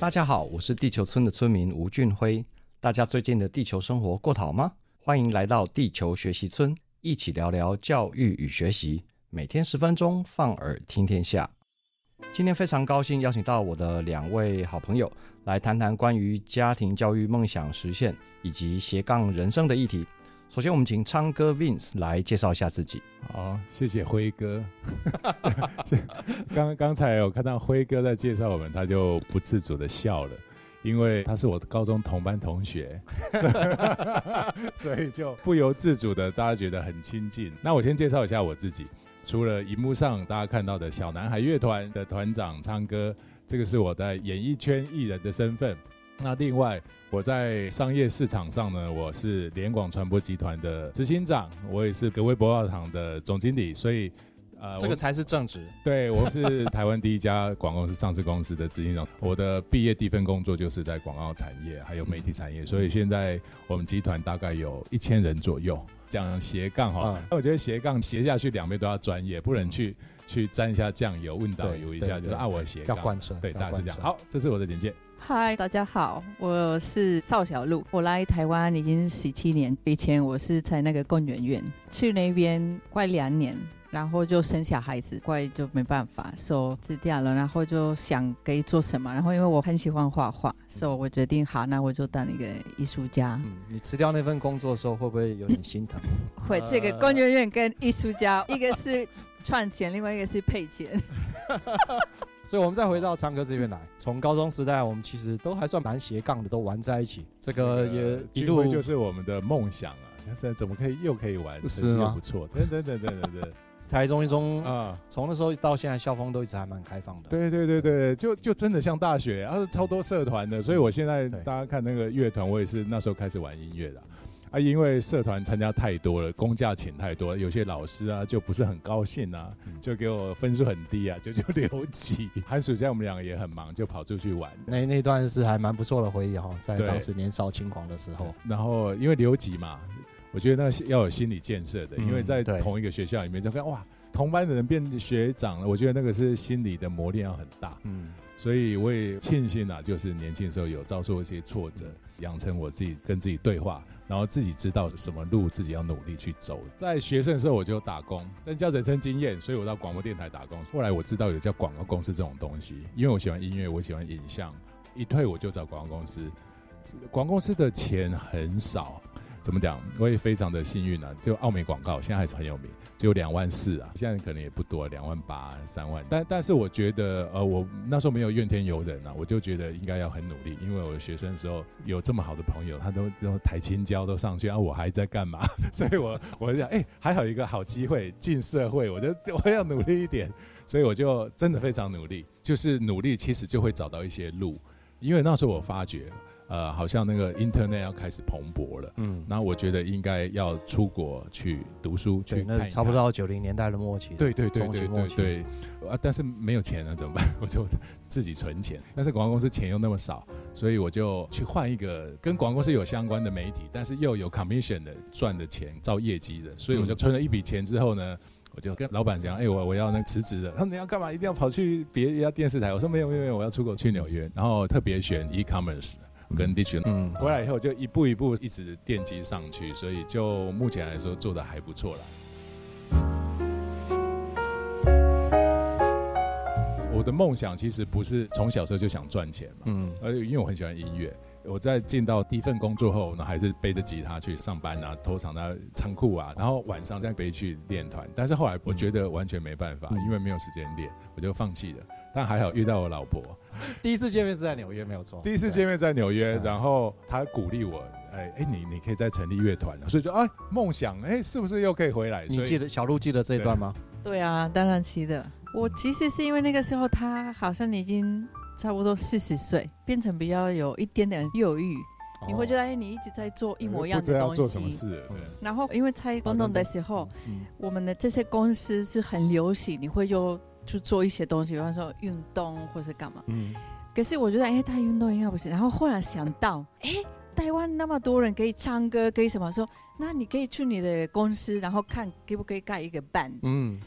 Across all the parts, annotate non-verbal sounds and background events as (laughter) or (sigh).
大家好，我是地球村的村民吳俊輝。大家最近的地球生活過得好嗎？歡迎來到地球學習村，一起聊聊教育與學習。每天十分鐘，放耳聽天下。今天非常高興邀請到我的兩位好朋友，來談談關於家庭教育、夢想實現以及斜槓人生的議題。首先，我們請昌哥 Vince 來介紹一下自己。好，謝謝輝哥。 (laughs) 剛剛剛才我看到輝哥在介紹我們，他就不自主的笑了，因為他是我的高中同班同學，所以， (laughs) 所以就不由自主的大家覺得很親近。那我先介紹一下我自己，除了熒幕上大家看到的小男孩樂團的團長昌哥，這個是我的演藝圈藝人的身份。那另外，我在商業市場上呢，我是聯廣傳播集團的執行長，我也是格威博奧廠的總經理，所以，呃，這個才是正職。對，我是台灣第一家廣告公司上市公司的執行長。 (laughs) 我的畢業第一份工作就是在廣告產業還有媒體產業，嗯，所以現在我們集團大概有一千人左右。講斜槓哈，那、嗯、我覺得斜槓斜下去兩邊都要專業，不能去、嗯、去沾一下醬油，問搭油一下，對對對，就是按、啊、我斜槓。要貫徹，對，大致是這樣。好，這是我的簡介。嗨，大家好，我是邵小璐。我來台灣已經十七年。以前我是在那個工研院，去那邊快兩年，然後就生小孩子，怪就沒辦法，以、so, 辭掉了。然後就想可以做什麼？然後因為我很喜歡畫畫，所、so, 以我決定，好，那我就當一個藝術家。嗯，你辭掉那份工作的時候，會不會有點心疼？ (laughs) 會。這個工研院跟藝術家， (laughs) 一個是賺錢，另外一個是賠錢。 (laughs) 所以，我們再回到昌哥這邊來。從高中時代，我們其實都還算蠻斜槓的，都玩在一起。這個也幾乎就是我們的夢想啊！現在怎麼可以又可以玩？成績也不錯，是嗎？對對對對，對，台中一中啊，從那時候到現在，校風都一直還蠻開放的。對對對對，對，就就真的像大學，它，啊，是超多社團的。所以我現在大家看那個樂團，我也是那時候開始玩音樂的，啊。啊，因為社團參加太多了，工價錢太多了，有些老師啊就不是很高興啊，嗯、就給我分數很低啊，就就留級。 (laughs) 寒暑假我們兩個也很忙，就跑出去玩。那那段是還蠻不錯的回憶哈、哦，在當時年少輕狂的時候。然後因為留級嘛，我覺得那要有心理建設的、嗯，因為在同一個學校裡面就跟，就看哇，同班的人變學長了，我覺得那個是心理的磨練要很大。嗯。所以我也慶幸啊，就是年輕的時候有遭受一些挫折，養成我自己跟自己對話，然後自己知道什麼路自己要努力去走。在學生的時候我就打工，增加人生經驗，所以我到廣播電台打工。後來我知道有叫廣告公司這種東西，因為我喜歡音樂，我喜歡影像，一退我就找廣告公司。廣告公司的錢很少。怎麼講？我也非常的幸運呢、啊。就奧美廣告，現在還是很有名，就兩萬四啊，現在可能也不多，兩萬八、三萬。但但是我覺得，呃，我那時候沒有怨天尤人啊，我就覺得應該要很努力，因為我學生的時候有這麼好的朋友，他都都台清交都上去啊，我還在幹嘛？所以我我就想，哎，還好一個好機會進社會，我覺得我要努力一點，所以我就真的非常努力，就是努力，其實就會找到一些路，因為那時候我發覺。呃，好像那個 Internet 要開始蓬勃了，嗯，然後我覺得應該要出國去讀書，嗯、去看看。那個，差不多九零年代的末期，對對對對對對，對，對，對。啊，但是沒有錢了、啊、怎麼辦？我就自己存錢。但是廣告公司錢又那麼少，所以我就去換一個跟廣告公司有相關的媒體，但是又有 commission 的賺的錢，造業績的。所以我就存了一筆錢之後呢，我就跟老闆講：“哎，我我要那個辭職的，”他說：“你要幹嘛？一定要跑去別一家電視台？”我說：“沒有沒有沒有，我要出國去紐約，然後特別選 e-commerce。”跟地區，嗯，嗯，回來以後就一步一步一直奠基上去，所以就目前來說做得還不錯了。我的夢想其實不是從小時候就想賺錢嘛，嗯，而且因為我很喜歡音樂，我在進到第一份工作後呢，還是背着吉他去上班啊，偷藏在倉庫啊，然後晚上再背去練團，但是後來我覺得完全沒辦法，因為沒有時間練，我就放棄了。但還好遇到我老婆 (laughs) ，第一次見面是在紐約，沒有錯。第一次見面在紐約，然後他鼓勵我，哎哎、欸，你你可以再成立樂團、啊，所以就哎夢想，哎、欸、是不是又可以回來？你記得小路記得這一段嗎？對，對啊，當然記得。我其實是因為那個時候他好像已經差不多四十歲，嗯、變成比較有一點點猶豫。哦、你會覺得哎、欸，你一直在做一模一樣的東西。不知道要做什麼事。嗯、對，然後因為在波動的時候，啊、我們的這些公司是很流行，你會有。去做一些東西，比方說運動或者幹嘛。嗯，可是我覺得，哎、欸，他運動應該不行。然後忽然想到，哎、欸，台灣那麼多人可以唱歌，可以什麼？說那你可以去你的公司，然後看可不可以蓋一個班。嗯，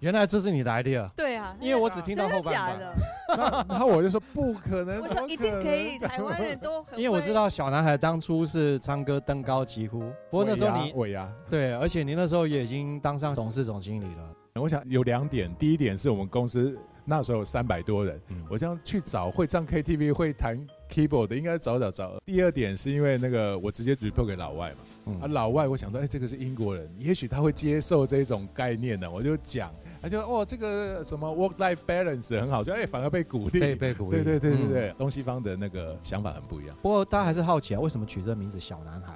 原來這是你的 idea。對啊，因為我只聽到後半。啊、的的 (laughs) (laughs) 然後我就說不可能。我說一定可以， (laughs) 台灣人都很。因為我知道小男孩當初是唱歌登高幾乎。不會啊，對，而且你那時候也已經當上董事總經理了。我想有兩點，第一點是我們公司那時候有三百多人，嗯，我想去找會唱 KTV，會彈 Keyboard 的，應該找找找。第二點是因為那個我直接 report 給老外嘛，嗯、啊，老外我想說，哎、欸，這個是英國人，也許他會接受這種概念的，啊，我就講，他就哦，這個什麼 work life balance 很好，就哎、欸，反而被鼓勵，被、被鼓勵，對對對對對，嗯，東西方的那個想法很不一樣。不過大家還是好奇啊，為什麼取這個名字“小男孩”？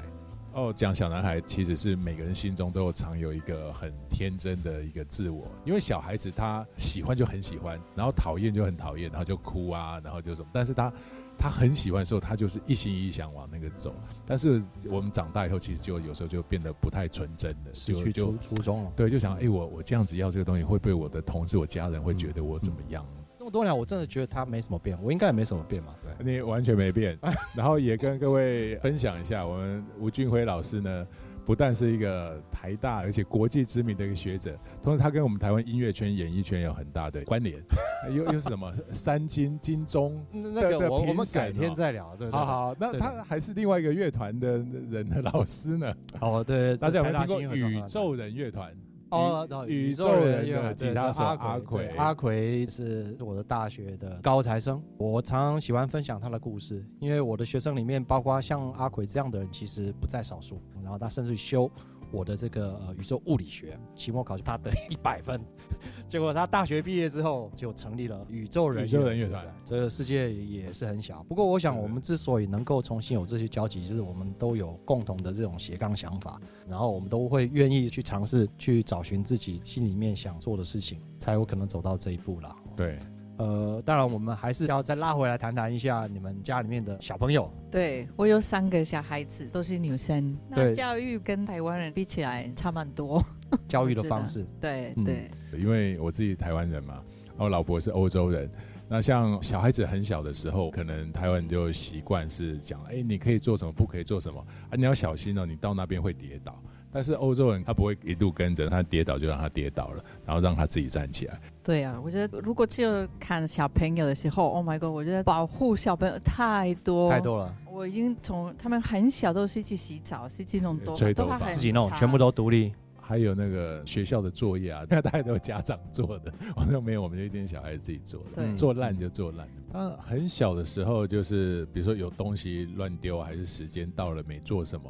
哦，講小男孩其實是每個人心中都有常有一個很天真的一個自我，因為小孩子他喜歡就很喜歡，然後討厭就很討厭，然後就哭啊，然後就什麼。但是他他很喜歡的時候，他就是一心一意想往那個走。但是我們長大以後，其實就有時候就變得不太純真的，就，就失去初初衷了。對，就想哎、欸，我我這樣子要這個東西，會不會我的同事、我家人會覺得我怎麼樣呢？嗯嗯這麼多年，我真的覺得他沒什麼變，我應該也沒什麼變嘛。對，你完全沒變。哎，然後也跟各位分享一下，我們吳俊輝老師呢，不但是一個台大，而且國際知名的一個學者，同時他跟我們台灣音樂圈、演藝圈有很大的關聯， (laughs) 又又是什麼 (laughs) 三金金鐘？那、那個我、哦、我們改天再聊。對對好好對，那他還是另外一個樂團的人的老師呢？哦，對，大家有沒有聽過宇宙人樂團？哦，宇宙人有吉他手阿奎，阿奎是我的大學的高材生，我常常喜歡分享他的故事，因為我的學生裡面包括像阿奎這樣的人其實不在少數，然後他甚至修我的這個呃宇宙物理學期末考試，他得一百分， (laughs) 結果他大學畢業之後就成立了宇宙人宇宙人樂團。這個世界也是很小，不過我想，我們之所以能夠重新有這些交集，就是我們都有共同的這種斜槓想法，然後我們都會願意去嘗試去找尋自己心裡面想做的事情，才有可能走到這一步了。對。呃，當然，我們還是要再拉回來談談一下你們家裡面的小朋友。對，我有三個小孩子，都是女生。那教育跟台灣人比起來差蠻多。教育的方式，對、嗯、對。因為我自己是台灣人嘛，我老婆是歐洲人。那像小孩子很小的時候，可能台灣人就習慣是講：哎，你可以做什麼，不可以做什麼啊！你要小心哦，你到那邊會跌倒。但是歐洲人他不會一路跟着，他跌倒就讓他跌倒了，然後讓他自己站起來。對啊，我覺得如果只有看小朋友的時候，Oh my God，我覺得保護小朋友太多太多了。我已經從他們很小都是去洗澡，是這種多，自己弄，全部都獨立。還有那個學校的作業啊，現在大家都有家長做的，我都沒有，我們有一點小孩子自己做的，做爛就做爛，嗯。他很小的時候，就是比如說有東西亂丟，還是時間到了沒做什麼。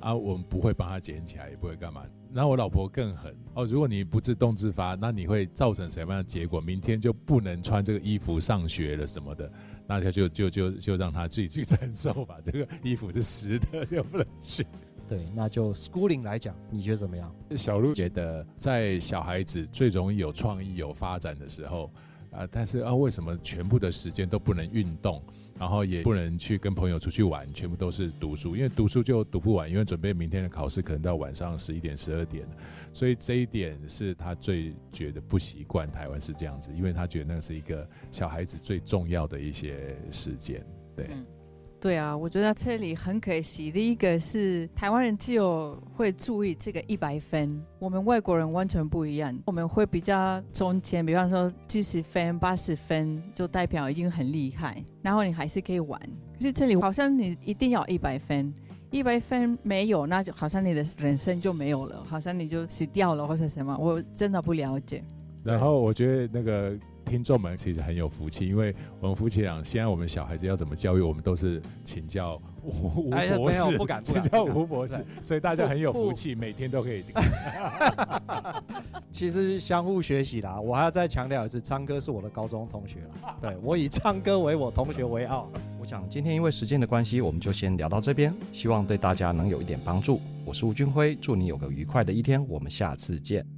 啊，我們不會幫他撿起來，也不會幹嘛。然後我老婆更狠哦，如果你不自動自發，那你會造成什麼樣的結果？明天就不能穿這個衣服上學了什麼的，那他就就就就讓他自己去承受吧。這個衣服是濕的，就不能去。對，那就 schooling 來講，你覺得怎麼樣？小鹿覺得，在小孩子最容易有創意、有發展的時候。啊、呃，但是啊，為什麼全部的時間都不能運動，然後也不能去跟朋友出去玩，全部都是讀書？因為讀書就讀不完，因為準備明天的考試，可能到晚上十一點、十二點，所以這一點是他最覺得不習慣。台灣是這樣子，因為他覺得那個是一個小孩子最重要的一些時間，對。嗯對啊，我覺得這裡很可惜的一個是台灣人只有會注意這個一百分，我們外國人完全不一樣，我們會比較中間。比方說七十分、八十分，就代表已經很厲害，然後你還是可以玩。可是這裡好像你一定要一百分，一百分沒有，那就好像你的人生就沒有了，好像你就死掉了或者什麼。我真的不了解。然後我覺得那個。聽眾們其實很有福氣，因為我們夫妻倆現在我們小孩子要怎麼教育，我們都是請教吳吳博士，欸、請教吳博士，所以大家很有福氣，每天都可以聽。 (laughs) (laughs) 其實相互學習啦，我還要再強調一次，昌哥是我的高中同學，對我以昌哥為我同學為傲。 (laughs) 我想今天因為時間的關係，我們就先聊到這邊，希望對大家能有一點幫助。我是吳俊輝，祝你有個愉快的一天，我們下次見。